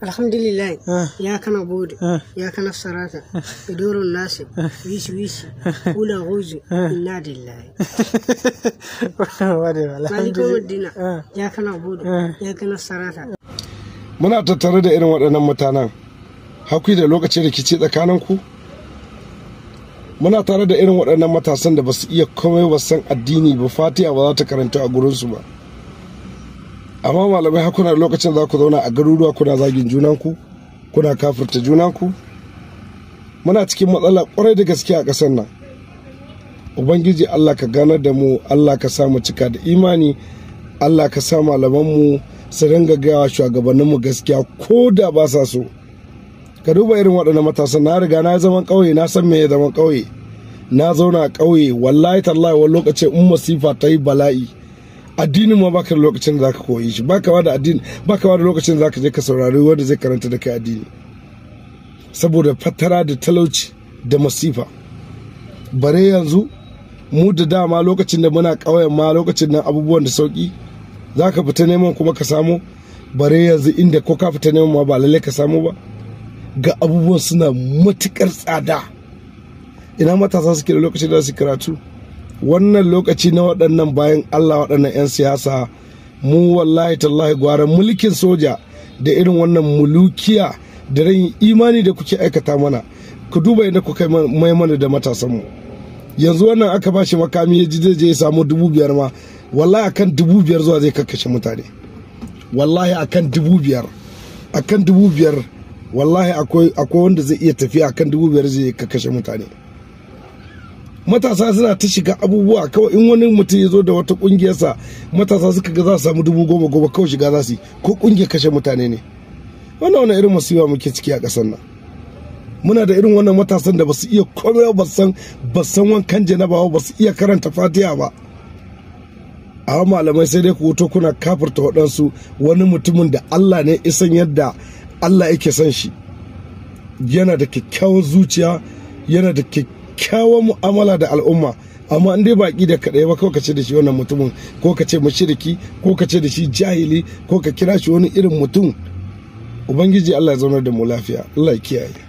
alhamdulillah ah. ya kana bode ah. ya kana sarata ah. idorun nasi wishi wishi kula gozu inna dillahi alhamdulillah ya kana bode ya kana sarata muna tattare da irin waɗannan mutanen hakuri da lokacin rikici tsakanin ku muna tare da irin waɗannan matasan da ba su iya komai ba san addini ba fatiya ba za ta karanta a gurinsu ba amma malamai har kuna lokacin za ku zauna a garuruwa kuna zagin junanku kuna kafirta junanku muna cikin matsala kwarai da gaske a ƙasar nan ubangiji allah ka ganar da mu allah ka sa mu cika da imani allah ka sa malamanmu su dinga gawa shugabanninmu gaskiya ko da ba sa so ka duba irin waɗannan matasan na riga na zaman ƙauye na san me ya zaman ƙauye na zauna a ƙauye wallahi tallahi wani lokaci in masifa ta yi bala'i addinin ma baka da lokacin da zaka koyi shi baka ba da addini baka ba da lokacin da zaka je ka saurari wanda zai karanta da kai addini saboda fatara da talauci da masifa bare yanzu mu da dama lokacin da muna ƙauyen ma lokacin nan abubuwan da sauki zaka fita neman kuma ka samu bare yanzu inda ko ka fita neman ma ba lalle ka samu ba ga abubuwan suna matukar tsada ina matasa suke da lokacin da su karatu wannan lokaci na waɗannan bayan allah waɗannan 'yan siyasa mu wallahi tallahi gwara mulkin soja da irin wannan mulukiya da rayin imani da kuke aikata mana ku duba yadda ku kai mai mana da matasanmu yanzu wannan aka bashi makami ya ji zai samu dubu biyar ma wallahi akan dubu biyar zuwa zai kakkashe mutane wallahi akan dubu biyar akan dubu biyar wallahi akwai wanda zai iya tafiya akan dubu biyar zai kakkashe mutane matasa suna ta shiga abubuwa kawai in wani mutum ya zo da wata kungiyarsa matasa suka ga za su samu dubu goma goma kawai shiga za su yi ko kungiyar kashe mutane ne wannan wani irin masifa muke ciki a ƙasar nan muna da irin wannan matasan da basu iya komai ba san ba san wankan janaba ba su iya karanta fatiha ba a malamai sai dai ku wuto kuna kafirta waɗansu wani mutumin da Allah ne isan yadda Allah yake son shi yana da kyakkyawan zuciya yana da kyakkyawan kyakkyawan mu'amala da al'umma amma in dai baki da kadai ba kawai ka ce da shi wannan mutumin ko ka ce mashiriki, ko ka ce da shi jahili ko ka kira shi wani irin mutum ubangiji Allah ya zaunar da mu lafiya Allah ya kiyaye